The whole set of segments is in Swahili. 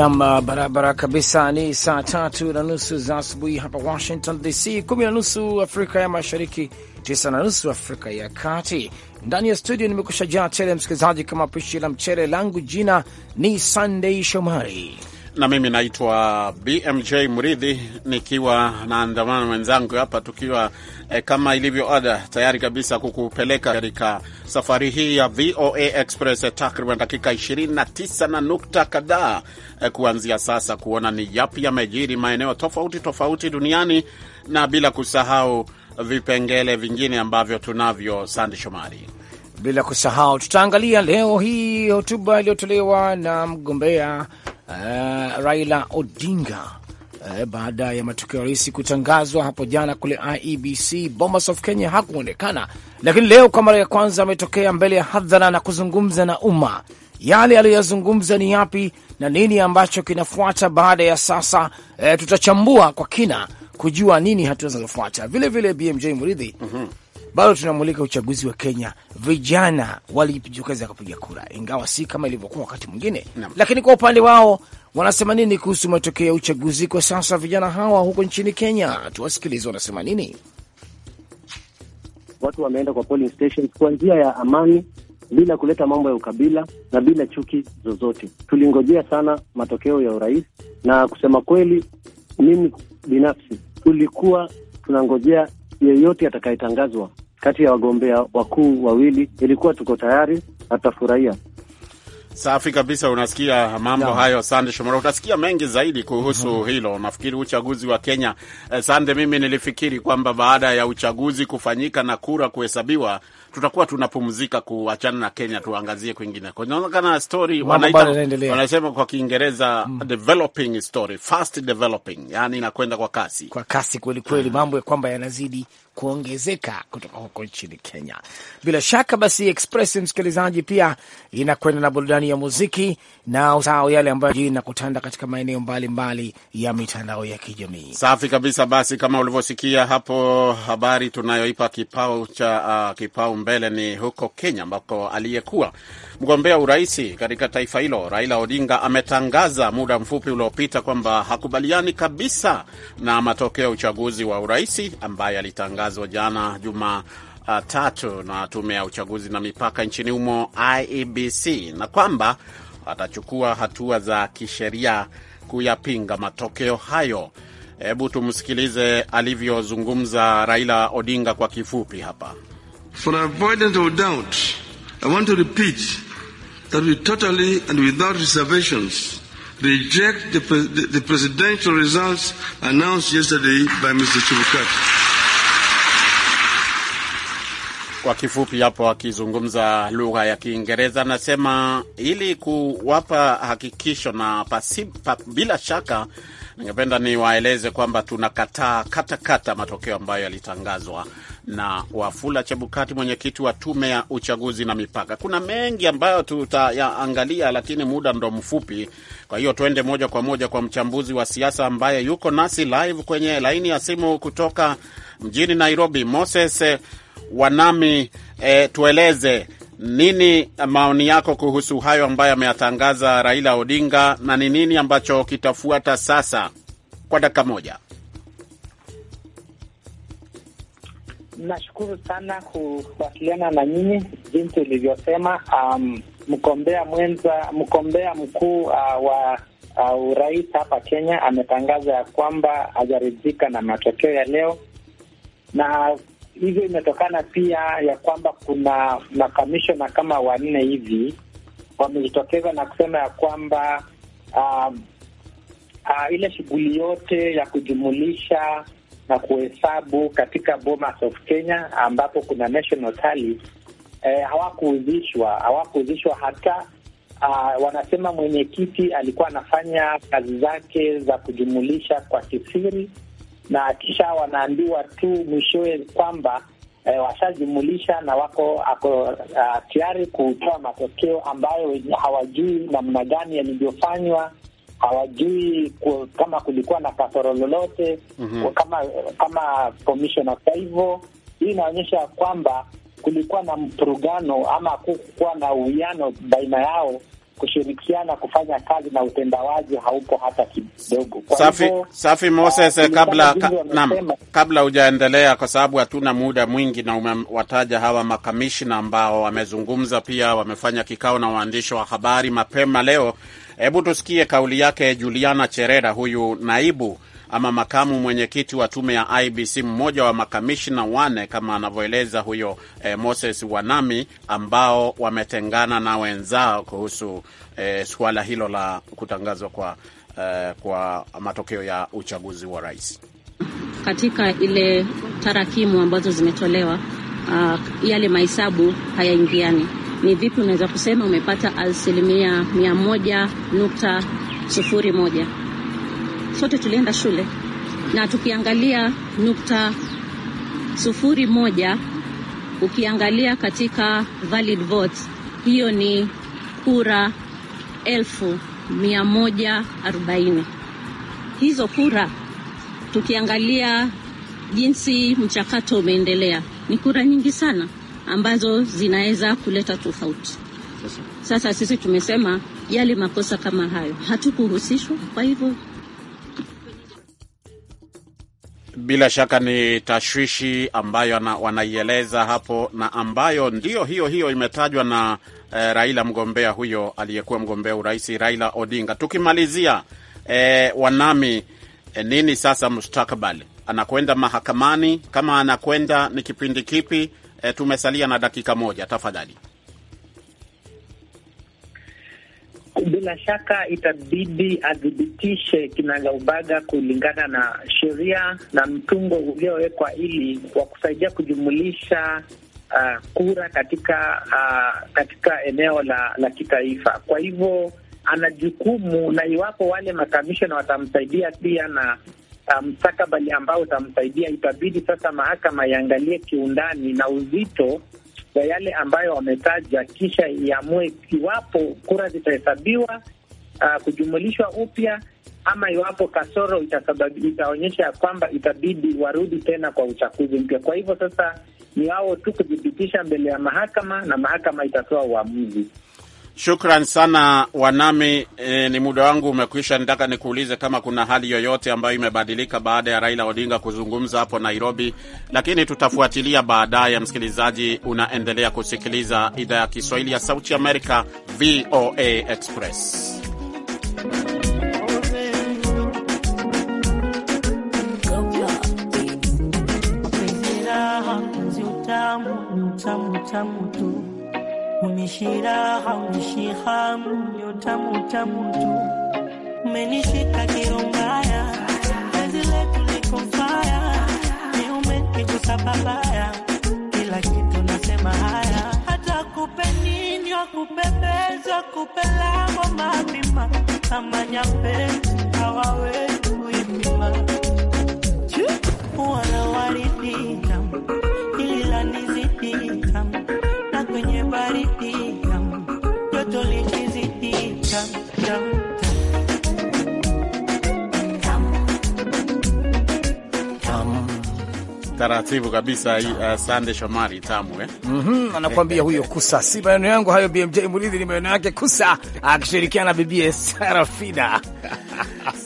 Nam, uh, barabara kabisa. Ni saa tatu na nusu za asubuhi hapa Washington DC, kumi na nusu Afrika ya Mashariki, tisa na nusu Afrika ya Kati. Ndani ya studio nimekusha jaa tele, msikilizaji, kama pishi la mchele. Langu jina ni sandei Shomari na mimi naitwa BMJ Mridhi, nikiwa na andamana mwenzangu hapa, tukiwa eh, kama ilivyo ada, tayari kabisa kukupeleka katika safari hii ya VOA Express eh, takriban dakika 29 na nukta kadhaa eh, kuanzia sasa, kuona ni yapi yamejiri maeneo tofauti tofauti duniani na bila kusahau vipengele vingine ambavyo tunavyo. Sande Shomari, bila kusahau tutaangalia leo hii hotuba iliyotolewa na mgombea uh, Raila Odinga uh, baada ya matokeo ya rais kutangazwa hapo jana kule IEBC Bomas of Kenya hakuonekana, lakini leo kwa mara ya kwanza ametokea mbele ya hadhara na kuzungumza na umma. Yale aliyoyazungumza ni yapi na nini ambacho kinafuata baada ya sasa? Uh, tutachambua kwa kina kujua nini hatua zinazofuata. Vile vile BMJ Muridhi, mm -hmm bado tunamulika uchaguzi wa Kenya. Vijana walijitokeza kupiga kura, ingawa si kama ilivyokuwa wakati mwingine, lakini kwa upande wao wanasema nini kuhusu matokeo ya uchaguzi kwa sasa? Vijana hawa huko nchini Kenya, tuwasikilize wanasema nini. Watu wameenda kwa polling stations kwa njia ya amani bila kuleta mambo ya ukabila na bila chuki zozote. Tulingojea sana matokeo ya urais, na kusema kweli, mimi binafsi tulikuwa tunangojea yeyote atakayetangazwa kati ya wagombea wakuu wawili, ilikuwa tuko tayari atafurahia. Safi kabisa. Unasikia mambo ya hayo Sande Shomoro. Utasikia mengi zaidi kuhusu -hmm, hilo nafikiri uchaguzi wa Kenya. Eh, Sande, mimi nilifikiri kwamba baada ya uchaguzi kufanyika na kura kuhesabiwa tutakuwa tunapumzika kuachana na Kenya, tuangazie kwingine. Inaonekana story wanaita, wanasema kwa Kiingereza mm. developing story, fast developing, yani inakwenda kwa kasi, kwa kasi kweli kweli mm. mambo ya kwamba yanazidi kuongezeka kutoka huko nchini Kenya. Bila shaka basi, Express msikilizaji, pia inakwenda na burudani ya muziki na usahau yale ambayo inakutanda katika maeneo mbalimbali ya mitandao ya kijamii. Safi kabisa. Basi kama ulivyosikia hapo habari tunayoipa kipao cha uh, kipao mbele ni huko Kenya ambako aliyekuwa mgombea uraisi katika taifa hilo Raila Odinga ametangaza muda mfupi uliopita kwamba hakubaliani kabisa na matokeo ya uchaguzi wa uraisi ambaye alitangazwa jana juma tatu na tume ya uchaguzi na mipaka nchini humo IEBC na kwamba atachukua hatua za kisheria kuyapinga matokeo hayo. Hebu tumsikilize alivyozungumza Raila Odinga kwa kifupi hapa. For avoidance of doubt, I want to repeat that we totally and without reservations reject the, pre the presidential results announced yesterday by Mr. Chibukati. Kwa kifupi hapo, akizungumza lugha ya Kiingereza anasema, ili kuwapa hakikisho na pasipa, bila shaka ningependa niwaeleze kwamba tunakataa kata katakata matokeo ambayo yalitangazwa na Wafula Chebukati, mwenyekiti wa tume ya uchaguzi na mipaka. Kuna mengi ambayo tutayaangalia, lakini muda ndo mfupi. Kwa hiyo tuende moja kwa moja kwa mchambuzi wa siasa ambaye yuko nasi live kwenye laini ya simu kutoka mjini Nairobi, Moses Wanami. E, tueleze nini maoni yako kuhusu hayo ambayo ameyatangaza Raila Odinga na ni nini ambacho kitafuata sasa kwa dakika moja? Nashukuru sana kuwasiliana na nyinyi. Jinsi ilivyosema, um, mgombea mwenza, mgombea mkuu uh, wa uh, urais hapa Kenya ametangaza ya kwamba hajaridhika na matokeo ya leo, na hivyo imetokana pia ya kwamba kuna makamishona kama wanne hivi wamejitokeza na kusema ya kwamba uh, uh, ile shughuli yote ya kujumulisha na kuhesabu katika Bomas of Kenya ambapo kuna national tally eh, hawakuuzishwa hawakuuzishwa hata Uh, wanasema mwenyekiti alikuwa anafanya kazi zake za kujumulisha kwa kisiri, na kisha wanaambiwa tu mwishowe kwamba eh, washajumulisha na wako ako ah, tayari kutoa matokeo ambayo hawajui namna gani yalivyofanywa hawajui kama kulikuwa na kasoro lolote mm -hmm. kama kama commissioner. Kwa hivyo hii inaonyesha kwamba kulikuwa na mpurugano ama kukuwa na uwiano baina yao kushirikiana kufanya kazi na utendawaji haupo hata kidogo. safi, safi Moses, uh, kabla ka, naam, kabla hujaendelea kwa sababu hatuna muda mwingi na umewataja hawa makamishna ambao wamezungumza pia wamefanya kikao na waandishi wa habari mapema leo. Hebu tusikie kauli yake Juliana Cherera, huyu naibu ama makamu mwenyekiti wa tume ya IBC, mmoja wa makamishna wane kama anavyoeleza huyo eh, Moses Wanami, ambao wametengana na wenzao kuhusu eh, suala hilo la kutangazwa kwa, eh, kwa matokeo ya uchaguzi wa rais katika ile tarakimu ambazo zimetolewa, uh, yale mahesabu hayaingiani ni vipi unaweza kusema umepata asilimia mia moja nukta sufuri moja? Sote tulienda shule na tukiangalia nukta sufuri moja, ukiangalia katika valid votes, hiyo ni kura elfu mia moja arobaini. Hizo kura tukiangalia jinsi mchakato umeendelea ni kura nyingi sana ambazo zinaweza kuleta tofauti. Sasa sisi tumesema yale makosa kama hayo hatukuhusishwa, kwa hivyo bila shaka ni tashwishi ambayo wanaieleza hapo na ambayo ndio hiyo hiyo imetajwa na eh, Raila mgombea huyo aliyekuwa mgombea urais Raila Odinga. Tukimalizia eh, Wanami, eh, nini sasa mustakabali? Anakwenda mahakamani? Kama anakwenda ni kipindi kipi? e, tumesalia na dakika moja, tafadhali. Bila shaka itabidi adhibitishe kinagaubaga kulingana na sheria na mtungo uliowekwa ili wa kusaidia kujumulisha uh, kura katika uh, katika eneo la, la kitaifa. Kwa hivyo ana jukumu na iwapo wale makamishona watamsaidia pia na mstakabali mstakabali ambao utamsaidia, itabidi sasa mahakama iangalie kiundani na uzito wa yale ambayo wametaja, kisha iamue iwapo kura zitahesabiwa uh, kujumulishwa upya ama iwapo kasoro itaonyesha ya kwamba itabidi warudi tena kwa uchaguzi mpya. Kwa hivyo sasa ni wao tu kuthibitisha mbele ya mahakama na mahakama itatoa uamuzi. Shukran sana Wanami. E, ni muda wangu umekwisha. Nataka nikuulize kama kuna hali yoyote ambayo imebadilika baada ya Raila Odinga kuzungumza hapo Nairobi, lakini tutafuatilia baadaye. Msikilizaji, unaendelea kusikiliza idhaa ya Kiswahili ya Sauti Amerika, VOA Express. Tamu, tamu, tamu, tamu. Unishiraha, unishihamu, ni utamu utamu tu, umenishika kirombaya, penzi letu liko faya, ni umenigusa babaya, kila kitu nasema haya, hata kupe nini, wakupebeza, kupe lango mapima, amanya penzi hawawe taratibu kabisa uh, Sande Shomari tamu eh? mm -hmm, anakuambia huyo Kusa. Si maneno yangu hayo, BMJ Murithi, ni maneno yake Kusa akishirikiana na bibie Sarafina.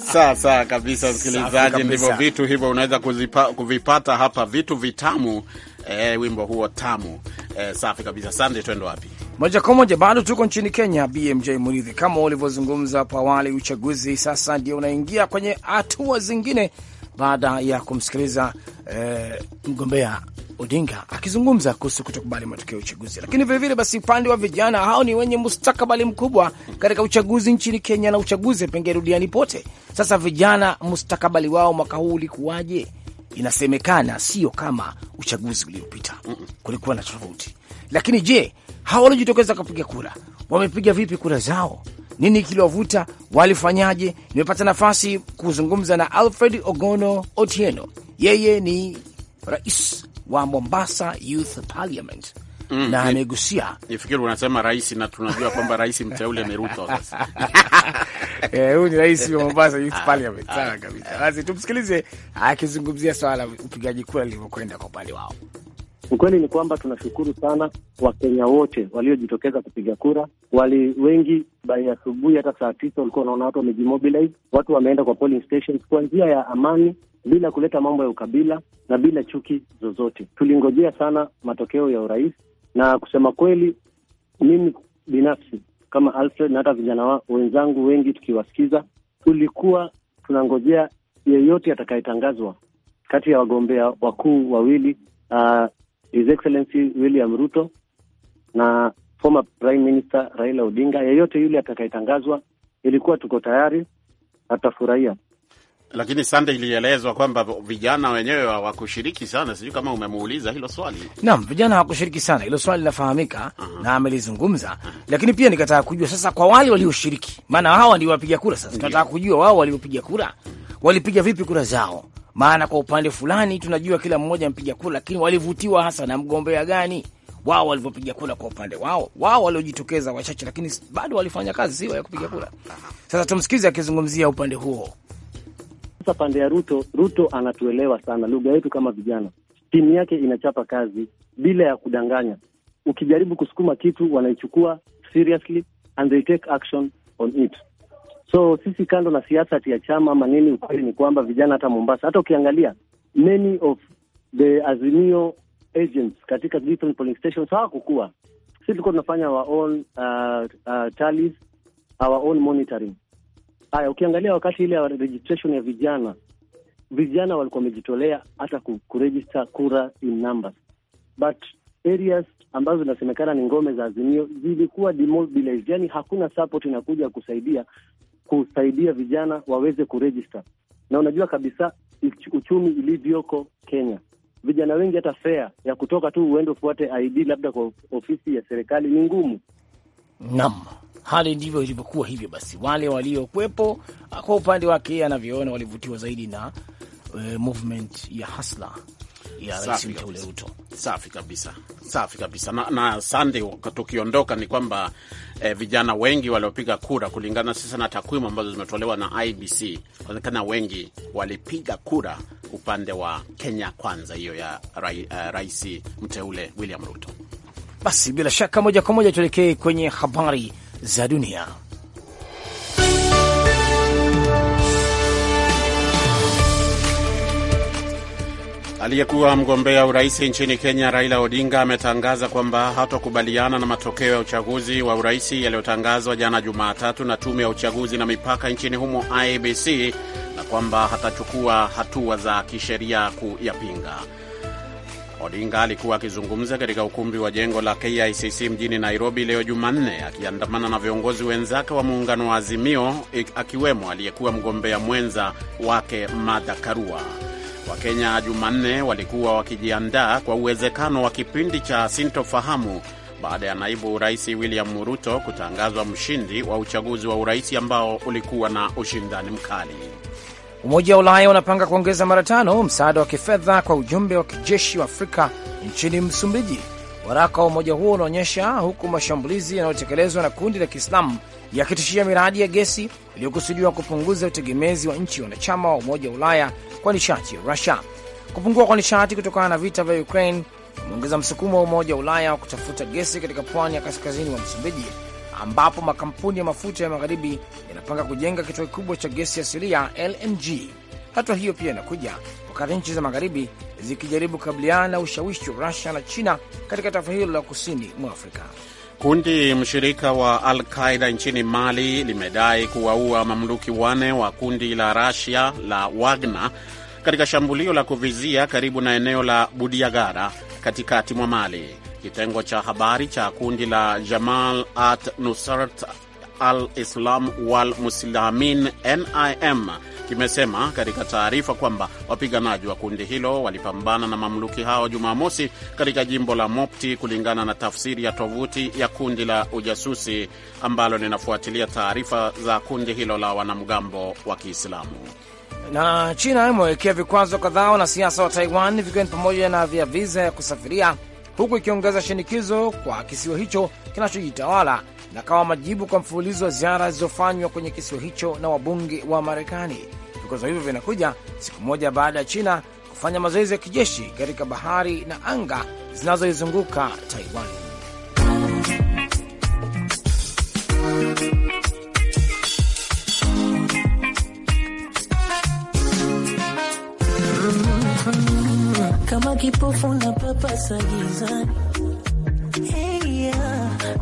Sasa kabisa, msikilizaji, ndivyo vitu hivyo unaweza kuvipata hapa vitu vitamu eh, wimbo huo tamu eh, safi kabisa. Sande, twende wapi? Moja kwa moja, bado tuko nchini Kenya. BMJ Murithi, kama ulivyozungumza hapo awali, uchaguzi sasa ndio unaingia kwenye hatua zingine baada ya kumsikiliza eh, mgombea Odinga akizungumza kuhusu kutokubali matokeo ya uchaguzi. Lakini vilevile basi, upande wa vijana hao ni wenye mustakabali mkubwa katika uchaguzi nchini Kenya na uchaguzi pengine duniani pote. Sasa vijana, mustakabali wao mwaka huu ulikuwaje? Inasemekana sio kama uchaguzi uliopita, kulikuwa na tofauti. Lakini je, hawa waliojitokeza kupiga kura wamepiga vipi kura zao? nini kiliwavuta, walifanyaje? Nimepata nafasi kuzungumza na Alfred Ogono Otieno, yeye ni rais wa Mombasa Youth Parliament. Mm, na amegusia nifikiri unasema rais, na tunajua kwamba rais mteule ni Ruto. Sasa eh, huyu ni rais wa Mombasa Youth ah, Parliament. Ah. Sawa kabisa, basi tumsikilize akizungumzia swala upigaji kura lilivyokwenda kwa upande wao. Ukweli ni kwamba tunashukuru sana Wakenya wote waliojitokeza kupiga kura. Wali wengi bai asubuhi hata saa tisa walikuwa wanaona watu wamejimobilize, watu wameenda kwa polling stations kwa njia ya amani, bila kuleta mambo ya ukabila na bila chuki zozote. Tulingojea sana matokeo ya urais, na kusema kweli, mimi binafsi kama Alfred na hata vijana wenzangu wengi tukiwasikiza, tulikuwa tunangojea yeyote atakayetangazwa kati ya wagombea wakuu wawili, uh, His Excellency William Ruto na former Prime Minister Raila Odinga. Yeyote yule atakayetangazwa, ilikuwa tuko tayari, atafurahia. Lakini sande, ilielezwa kwamba vijana wenyewe hawakushiriki sana. Sijui kama umemuuliza hilo swali. Naam, vijana hawakushiriki sana, hilo swali linafahamika uh -huh. na amelizungumza uh -huh. Lakini pia nikataka kujua sasa kwa wale walioshiriki, maana hawa ndio wapiga kura. Sasa tunataka kujua wao waliopiga kura walipiga vipi kura zao maana kwa upande fulani tunajua kila mmoja mpiga kura, lakini walivutiwa hasa na mgombea gani wao walivyopiga kura kwa upande wao, wao waliojitokeza wachache, lakini bado walifanya kazi sio ya kupiga kura. Sasa tumsikize akizungumzia upande huo. Sasa pande ya Ruto, Ruto anatuelewa sana lugha yetu kama vijana. Timu yake inachapa kazi bila ya kudanganya. Ukijaribu kusukuma kitu, wanaichukua seriously and they take action on it. So sisi kando na siasa ya chama ama nini, ukweli ni kwamba vijana hata Mombasa, hata ukiangalia many of the Azimio agents katika different polling stations hawakukua. Sisi tulikuwa tunafanya our own uh, uh, tallies, our own monitoring. Haya, ukiangalia wakati ile registration ya vijana, vijana walikuwa wamejitolea hata kuregister kura in numbers, but areas ambazo zinasemekana ni ngome za Azimio zilikuwa demobilized, yani hakuna support inakuja kusaidia kusaidia vijana waweze kurejista, na unajua kabisa uchumi ilivyoko Kenya, vijana wengi hata fea ya kutoka tu uende ufuate ID labda kwa ofisi ya serikali ni ngumu. Naam, hali ndivyo ilivyokuwa. Hivyo basi wale waliokuwepo kwa upande wake anavyoona walivutiwa zaidi na uh, movement ya hasla ya rais mteule Ruto. Safi kabisa, safi kabisa. Na, na Sande, tukiondoka ni kwamba eh, vijana wengi waliopiga kura kulingana sasa na takwimu ambazo zimetolewa na IBC, inaonekana wengi walipiga kura upande wa Kenya Kwanza, hiyo ya eh, rais mteule William Ruto. Basi bila shaka moja kwa moja tuelekee kwenye habari za dunia. Aliyekuwa mgombea urais nchini Kenya Raila Odinga ametangaza kwamba hatokubaliana na matokeo ya uchaguzi wa urais yaliyotangazwa jana Jumatatu na tume ya uchaguzi na mipaka nchini humo ibc na kwamba hatachukua hatua za kisheria kuyapinga. Odinga alikuwa akizungumza katika ukumbi wa jengo la KICC mjini Nairobi leo Jumanne, akiandamana na viongozi wenzake wa muungano wa Azimio, akiwemo aliyekuwa mgombea mwenza wake Martha Karua. Wakenya Jumanne walikuwa wakijiandaa kwa uwezekano wa kipindi cha sintofahamu baada ya naibu rais William Ruto kutangazwa mshindi wa uchaguzi wa urais ambao ulikuwa na ushindani mkali. Umoja wa Ulaya unapanga kuongeza mara tano msaada wa kifedha kwa ujumbe wa kijeshi wa Afrika nchini Msumbiji Waraka wa umoja huo unaonyesha huku mashambulizi yanayotekelezwa na kundi la Kiislamu yakitishia miradi ya gesi iliyokusudiwa kupunguza utegemezi wa nchi wanachama wa Umoja wa Ulaya kwa nishati ya Rusia. Kupungua kwa nishati kutokana na vita vya Ukraine umeongeza msukumo wa Umoja wa Ulaya wa kutafuta gesi katika pwani ya kaskazini mwa Msumbiji, ambapo makampuni ya mafuta ya magharibi yanapanga kujenga kituo kikubwa cha gesi asilia LNG. Hatua hiyo pia inakuja wakati nchi za magharibi zikijaribu kukabiliana na ushawishi wa Rusia na China katika taifa hilo la kusini mwa Afrika. Kundi mshirika wa Al Qaida nchini Mali limedai kuwaua mamluki wane wa kundi la Rasia la Wagner katika shambulio la kuvizia karibu na eneo la Budiagara katikati mwa Mali. Kitengo cha habari cha kundi la Jamal at Nusrat al Islam wal Muslimin NIM kimesema katika taarifa kwamba wapiganaji wa kundi hilo walipambana na mamluki hao Jumamosi katika jimbo la Mopti, kulingana na tafsiri ya tovuti ya kundi la ujasusi ambalo linafuatilia taarifa za kundi hilo la wanamgambo wa Kiislamu. Na China imewekea vikwazo kadhaa wanasiasa wa Taiwan, vikiwa ni pamoja na vya viza ya kusafiria, huku ikiongeza shinikizo kwa kisiwa hicho kinachojitawala na kawa majibu kwa mfululizo wa ziara zilizofanywa kwenye kisiwa hicho na wabunge wa Marekani. Vikwazo hivyo vinakuja siku moja baada ya China kufanya mazoezi ya kijeshi katika bahari na anga zinazoizunguka Taiwan. Kama kipofu na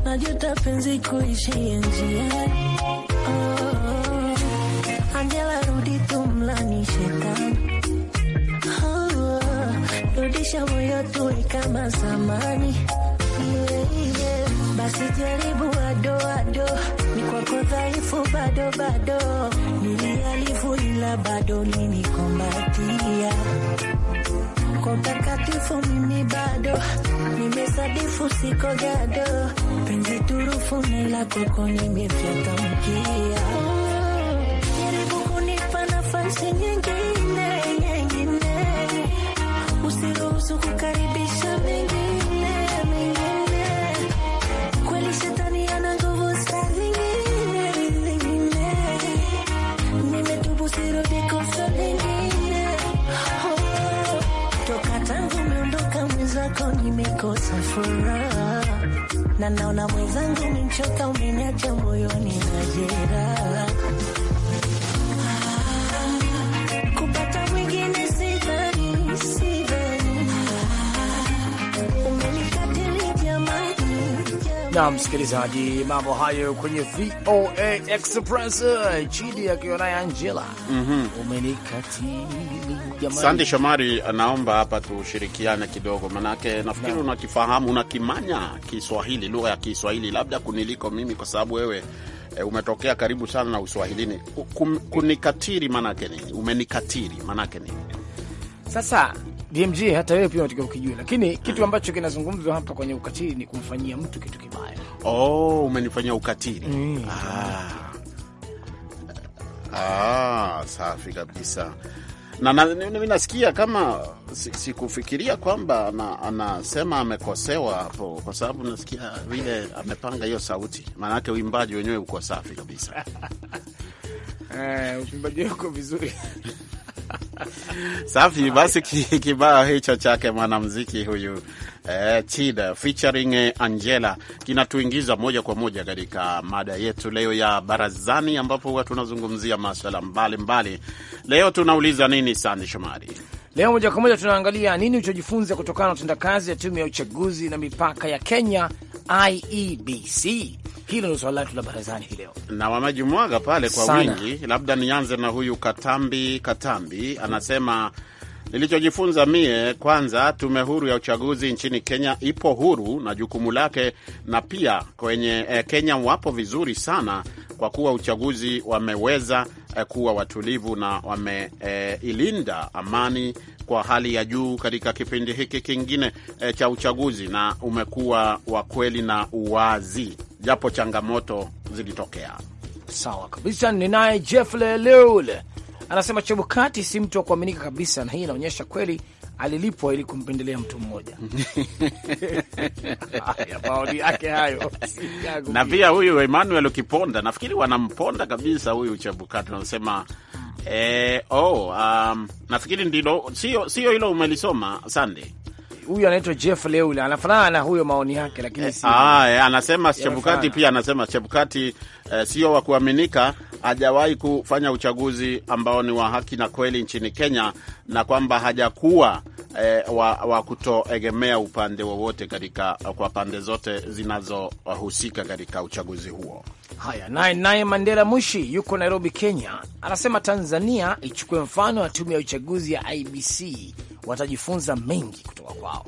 najuta penzi kuishia njiani. Oh, Angela rudi tumlani shetani. Oh, rudisha moyo tuwe kama zamani. Yeah, yeah. Basi jaribu ado ado, ni kwako dhaifu bado bado, nilialifu ila bado ninikombatia kwa utakatifu mimi bado nimesadifu, siko gado, penzi turufu ni lako kwako, nimefyatamkia jaribu kunipa nafasi nyingine nyingine, usiruhusu kukari furaha na naona mwenzangu umemchoka, umeniacha moyoni na jeraha Na msikilizaji, mambo hayo kwenye VOA Express, eh, Chidi akiwa naye Angela sandi Sande Shomari anaomba hapa tushirikiane kidogo, manake nafikiri na unakifahamu unakimanya Kiswahili, lugha ya Kiswahili labda kuniliko mimi, kwa sababu wewe e, umetokea karibu sana na Uswahilini. Kunikatiri manake nini? Umenikatiri manake nini? Sasa DMG hata wewe pia unatakiwa ukijua, lakini kitu mm. ambacho kinazungumzwa hapa kwenye ukatiri ni kumfanyia mtu kitu kibaya. Oh, umenifanyia ukatiri mm. ah. Ah, safi kabisa na, na, mimi nasikia kama sikufikiria si kwamba anasema amekosewa hapo, kwa sababu nasikia vile amepanga hiyo sauti, maanake uimbaji wenyewe uko safi kabisa. Eh, uimbaji uko vizuri Safi basi, kibao hicho chake mwanamuziki huyu eh, Chida featuring Angela kinatuingiza moja kwa moja katika mada yetu leo ya barazani, ambapo huwa tunazungumzia maswala mbalimbali. Leo tunauliza nini, Sandi Shomari? Leo moja kwa moja tunaangalia nini ulichojifunza kutokana na utendakazi ya tume ya uchaguzi na mipaka ya Kenya IEBC hilo ndio swali letu la barazani hii leo, na wamejimwaga pale kwa sana wingi. Labda nianze na huyu Katambi. Katambi anasema Nilichojifunza mie, kwanza, tume huru ya uchaguzi nchini Kenya ipo huru na jukumu lake, na pia kwenye eh, Kenya wapo vizuri sana kwa kuwa uchaguzi wameweza eh, kuwa watulivu na wameilinda eh, amani kwa hali ya juu katika kipindi hiki kingine eh, cha uchaguzi, na umekuwa wa kweli na uwazi japo changamoto zilitokea. Sawa kabisa. Ni naye Jeff Leleule anasema Chebukati si mtu wa kuaminika kabisa, na hii inaonyesha kweli alilipwa ili kumpendelea mtu mmoja. Maoni yake hayo. Na pia huyu Emmanuel Kiponda, nafikiri wanamponda kabisa huyu Chebukati, wanasema eh, oh, um, nafikiri ndilo, sio hilo umelisoma Sande huyu anaitwa Jeff Leul anafanana na huyo, maoni yake lakini eh, si ah, eh, anasema Chebukati pia anasema Chebukati eh, sio wa kuaminika, hajawahi kufanya uchaguzi ambao ni wa haki na kweli nchini Kenya, na kwamba hajakuwa eh, wa, wa kutoegemea upande wowote katika kwa pande zote zinazohusika katika uchaguzi huo. Haya, naye naye Mandela Mushi yuko Nairobi, Kenya, anasema Tanzania ichukue mfano wa tume ya uchaguzi ya IBC, watajifunza mengi kutoka kwao.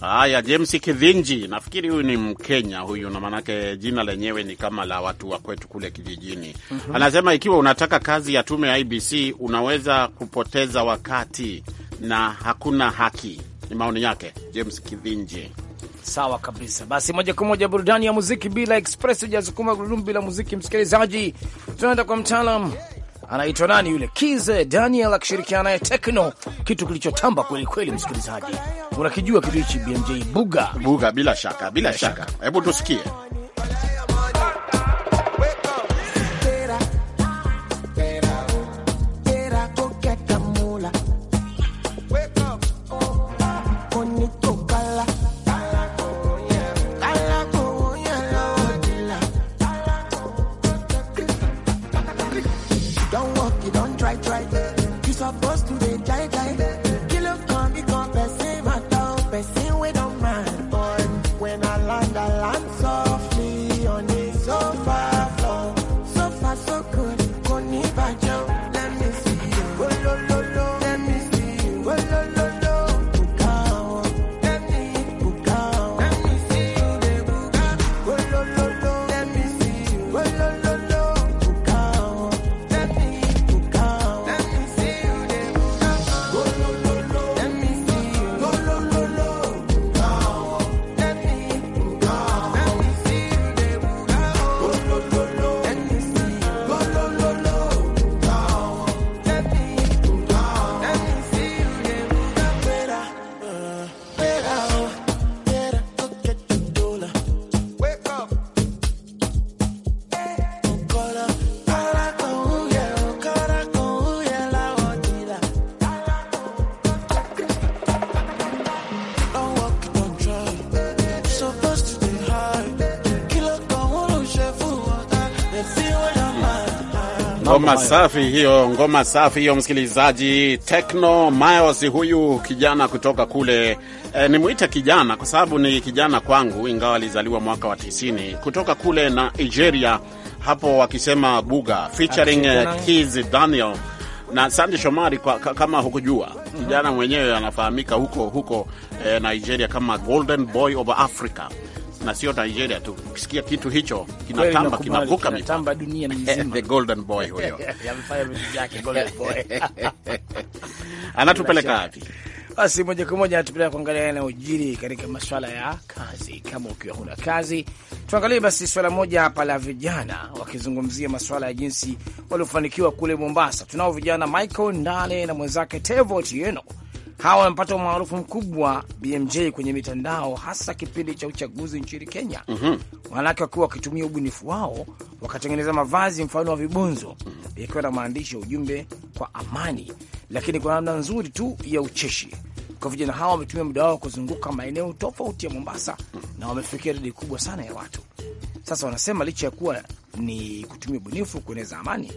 Haya, James kidhinji nafikiri huyu ni Mkenya huyu, na maanake jina lenyewe ni kama la watu wa kwetu kule kijijini. mm -hmm. Anasema ikiwa unataka kazi ya tume ya IBC unaweza kupoteza wakati na hakuna haki. Ni maoni yake James Kidhinji. Sawa kabisa. Basi moja kwa moja burudani ya muziki bila express, hujasukuma gurudumu bila muziki. Msikilizaji, tunaenda kwa mtaalam anaitwa nani yule, Kize Daniel akishirikiana naye Tekno, kitu kilichotamba kweli kweli. Msikilizaji, unakijua kitu hichi BMJ Buga Buga? Bila shaka, bila shaka, hebu tusikie. ngoma safi hiyo, ngoma safi hiyo, msikilizaji. Tekno Miles huyu kijana kutoka kule e, nimuite kijana kwa sababu ni kijana kwangu, ingawa alizaliwa mwaka wa 90 kutoka kule na Nigeria hapo, wakisema Buga featuring eh, Kiz Daniel na Sandi Shomari kwa, kama hukujua kijana mwenyewe anafahamika huko huko e, Nigeria kama Golden Boy of Africa na sio Nigeria tu. Ukisikia kitu hicho kinatamba, kinavuka mitamba dunia nzima. The golden boy huyo Golden Boy anatupeleka wapi? Basi moja kwa moja tupeleka kuangalia yanayojiri katika masuala ya kazi. Kama ukiwa huna kazi, tuangalie basi swala moja hapa la vijana wakizungumzia masuala ya jinsi waliofanikiwa kule Mombasa. Tunao vijana Michael Ndale na mwenzake Tevo Tieno hawa wamepata umaarufu mkubwa BMJ kwenye mitandao, hasa kipindi cha uchaguzi nchini Kenya. mm -hmm. Wanawake wakiwa wakitumia ubunifu wao wakatengeneza mavazi mfano wa vibonzo mm -hmm. yakiwa na maandishi ya ujumbe kwa amani, lakini kwa namna nzuri tu ya ucheshi. Kwa vijana hawa wametumia muda wao kuzunguka maeneo tofauti ya Mombasa mm -hmm. na wamefikia idadi kubwa sana ya watu. Sasa wanasema licha ya kuwa ni kutumia ubunifu kueneza amani,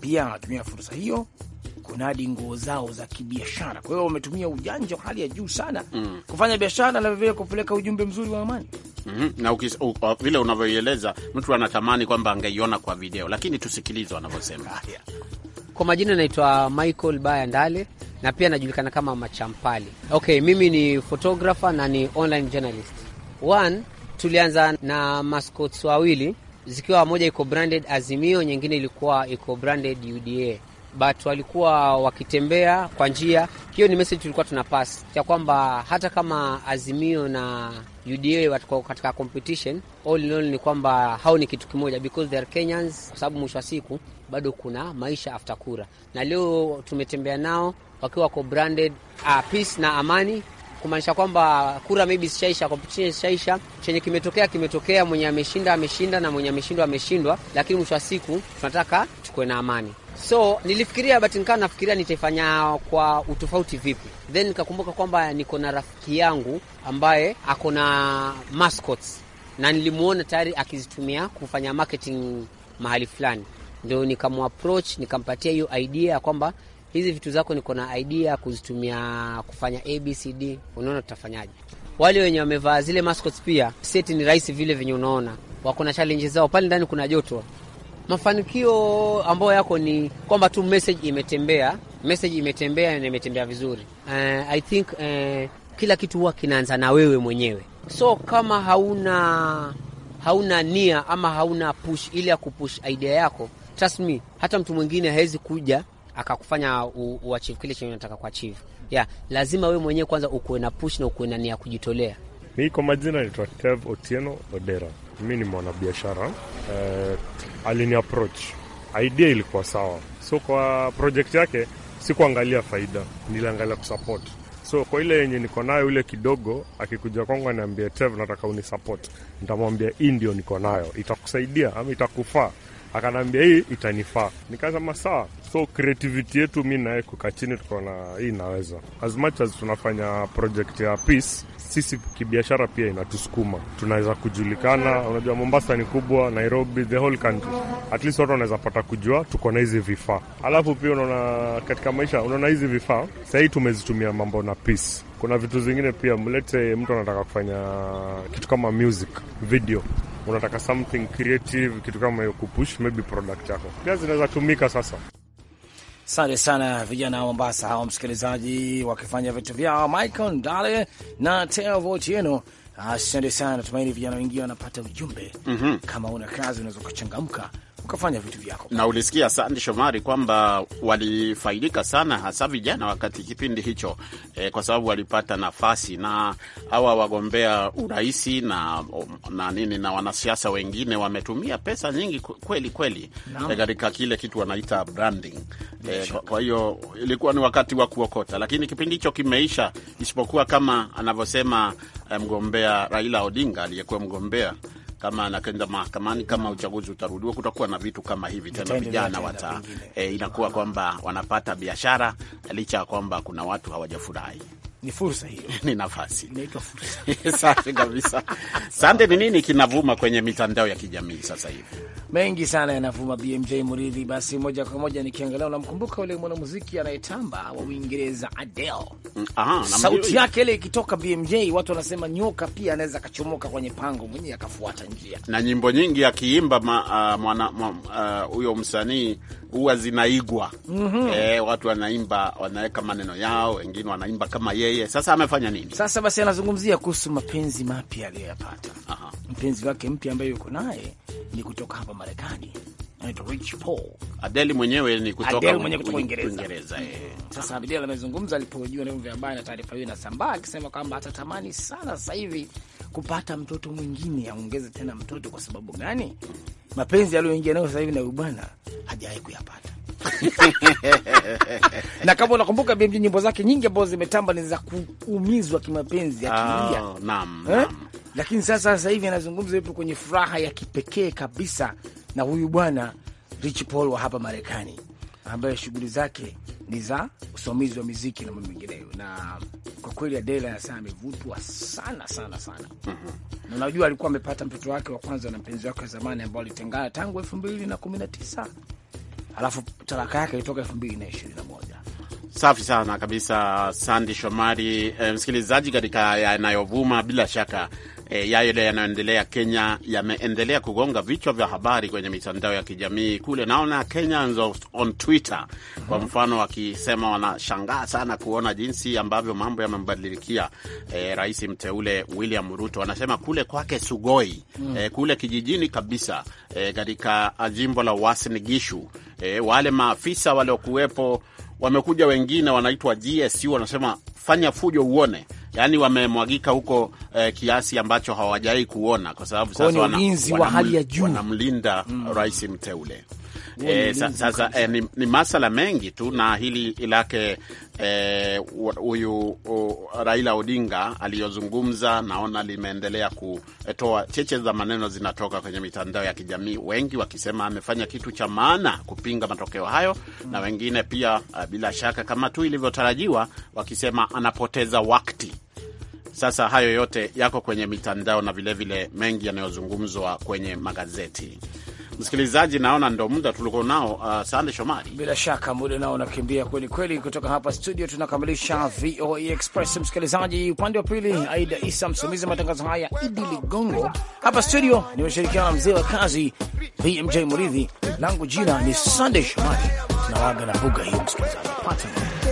pia wanatumia fursa hiyo kunadi nguo zao za kibiashara. Kwa hiyo wametumia ujanja wa hali ya juu sana mm. kufanya biashara na vilevile kupeleka ujumbe mzuri wa amani mm -hmm. na ukis, u, u, uh, vile unavyoieleza mtu anatamani kwamba angeiona kwa video, lakini tusikilize wanavyosema. yeah. Kwa majina naitwa Michael Baya Ndale na pia najulikana kama Machampali. Okay, mimi ni photographer na ni online journalist. One, tulianza na mascots wawili zikiwa moja iko branded Azimio, nyingine ilikuwa iko branded UDA but walikuwa wakitembea kwa njia hiyo. Ni message tulikuwa tuna pass cha kwamba hata kama Azimio na UDA watuko katika competition, all in all ni kwamba hao ni kitu kimoja, because they are Kenyans, kwa sababu mwisho wa siku bado kuna maisha after kura, na leo tumetembea nao wakiwa wako branded uh, peace na amani kumaanisha kwamba kura maybe zishaisha, competition zishaisha, chenye kimetokea kimetokea, mwenye ameshinda ameshinda na mwenye ameshindwa ameshindwa, lakini mwisho wa siku tunataka tukuwe na amani. So nilifikiria but nikawa nafikiria nitaifanya kwa utofauti vipi, then nikakumbuka kwamba niko na rafiki yangu ambaye ako na mascots na nilimwona tayari akizitumia kufanya marketing mahali fulani, ndio nikamwapproach nikampatia hiyo idea ya kwamba hizi vitu zako niko na idea ya kuzitumia kufanya abcd, unaona tutafanyaje? Wale wenye wamevaa zile mascots pia seti ni rahisi vile venye unaona, wako na challenge zao pale ndani, kuna joto Mafanikio ambayo yako ni kwamba tu message imetembea, message imetembea na imetembea vizuri. Uh, I think uh, kila kitu huwa kinaanza na wewe mwenyewe, so kama hauna hauna nia ama hauna push ile ya kupush idea yako, trust me, hata mtu mwingine hawezi kuja akakufanya uachieve kile chenye unataka kuachieve. Yeah, lazima wewe mwenyewe kwanza ukuwe na push na ukuwe na nia ya kujitolea. Mi kwa majina naitwa Kev Otieno Odera, mi ni mwanabiashara eh, alini approach idea ilikuwa sawa, so kwa project yake sikuangalia faida, niliangalia kusupport. So kwa ile yenye niko nayo ule kidogo, akikuja kwangu aniambia Tev, nataka unisupport, nitamwambia hii ndio niko nayo, itakusaidia ama itakufaa. Akanaambia hii itanifaa, nikasema sawa so creativity yetu mi naye kuka chini tukaona hii inaweza, as much as tunafanya project ya peace, sisi kibiashara pia inatusukuma, tunaweza kujulikana. Unajua Mombasa ni kubwa, Nairobi, the whole country, at least watu wanaweza pata kujua tuko na hizi vifaa. Alafu pia unaona katika maisha, unaona hizi vifaa sahii tumezitumia mambo na peace kuna vitu zingine pia mlete, mtu anataka kufanya kitu kama music video, unataka something creative, kitu kama hiyo, kupush maybe product yako pia zinaweza tumika sasa. Asante sana vijana wa Mombasa hawa, msikilizaji, wakifanya vitu vyao. Michael Ndale na Teo Votieno, asante sana. Natumaini vijana wengine wanapata ujumbe. mm -hmm. Kama una kazi unaweza kuchangamka ukafanya vitu vyako. Na ulisikia Sandi Shomari kwamba walifaidika sana, hasa vijana wakati kipindi hicho e, kwa sababu walipata nafasi na hawa wagombea urahisi na, na nini na wanasiasa wengine wametumia pesa nyingi kweli kweli eh, katika kile kitu wanaita branding e, kwa hiyo ilikuwa ni wakati wa kuokota, lakini kipindi hicho kimeisha, isipokuwa kama anavyosema mgombea Raila Odinga aliyekuwa mgombea kama anakenda mahakamani, kama uchaguzi utarudiwa, kutakuwa na vitu kama hivi tena. Vijana wata e, inakuwa kwamba wanapata biashara licha ya kwamba kuna watu hawajafurahi ni fursa hiyo, ni nafasi, inaitwa fursa. Safi kabisa. Sande, ni nini kinavuma kwenye mitandao ya kijamii sasa hivi? Mengi sana yanavuma, BMJ Muridhi. Basi moja kwa moja nikiangalia, unamkumbuka ule mwanamuziki anayetamba wa Uingereza Adele? Mm, aha, sauti yake ile ikitoka BMJ, watu wanasema nyoka pia anaweza akachomoka kwenye pango mwenyewe akafuata njia, na nyimbo nyingi akiimba ah, ah, huyo uh, uh, msanii huwa zinaigwa mm -hmm. Eh, watu wanaimba wanaweka maneno yao, wengine wanaimba kama yeye yeye sasa amefanya nini? Sasa basi anazungumzia kuhusu mapenzi mapya aliyoyapata. Mpenzi wake mpya ambaye yuko naye ni kutoka hapa Marekani, anaitwa Rich Paul. Adele mwenyewe ni kutoka Uingereza. Eh. Sasa Adele amezungumza alipojua vyombo vya habari na taarifa hiyo inasambaa, akisema kwamba atatamani sana sasa hivi kupata mtoto mwingine, aongeze tena mtoto. Kwa sababu gani? Mapenzi aliyoingia nayo sasa hivi na huyu bwana hajawahi kuyapata na kama unakumbuka BMJ, nyimbo zake nyingi ambazo zimetamba ni za kuumizwa kimapenzi, ya akilia oh, ah, naam, eh? naam. Lakini sasa sasa hivi anazungumza yupo kwenye furaha ya kipekee kabisa na huyu bwana Rich Paul wa hapa Marekani ambaye shughuli zake ni za usimamizi wa muziki na mambo mengineyo, na kwa kweli Adela yasa amevutwa sana sana sana mm -hmm. na unajua alikuwa amepata mtoto wake wa kwanza na mpenzi wake wa zamani ambao alitengana tangu elfu mbili na kumi na tisa alafu talaka yake ilitoka elfu mbili na ishirini na moja. Safi sana kabisa, Sandi Shomari. E, msikilizaji, katika yanayovuma bila shaka E, yale yanayoendelea Kenya yameendelea kugonga vichwa vya habari kwenye mitandao ya kijamii kule. Naona Kenyans on Twitter kwa mfano wakisema wanashangaa sana kuona jinsi ambavyo mambo yamembadilikia e, rais mteule William Ruto. anasema kule kwake Sugoi e, kule kijijini kabisa katika e, jimbo la Uasin Gishu e, wale maafisa waliokuwepo wamekuja wengine wanaitwa GSU wanasema fanya fujo uone, yaani wamemwagika huko eh, kiasi ambacho hawajawai kuona, kwa sababu sasa wanamlinda wana, wana mm, rais mteule. E, sasa e, ni, ni masala mengi tu na hili lake eh, huyu e, Raila Odinga aliyozungumza, naona limeendelea kutoa cheche za maneno zinatoka kwenye mitandao ya kijamii, wengi wakisema amefanya kitu cha maana kupinga matokeo hayo mm, na wengine pia eh, bila shaka kama tu ilivyotarajiwa wakisema anapoteza wakati. Sasa hayo yote yako kwenye mitandao na vilevile vile mengi yanayozungumzwa kwenye magazeti. Msikilizaji, naona ndo muda tuliko nao. Uh, Sande Shomari, bila shaka muda nao unakimbia kweli kweli. Kutoka hapa studio tunakamilisha VOA Express. Msikilizaji, upande wa pili Aida Isa, msimamizi matangazo haya Idi Ligongo. Hapa studio nimeshirikiana na mzee wa kazi BMJ Muridhi, langu jina ni Sande Shomari. Tunawaga na buga hiyo, msikilizaji, pata